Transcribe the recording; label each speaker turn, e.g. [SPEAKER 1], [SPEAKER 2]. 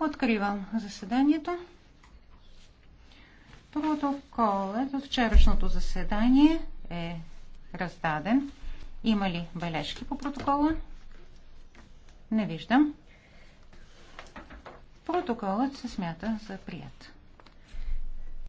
[SPEAKER 1] Откривам заседанието. Протоколът от вчерашното заседание е раздаден. Има ли бележки по протокола? Не виждам. Протоколът се смята за
[SPEAKER 2] прият.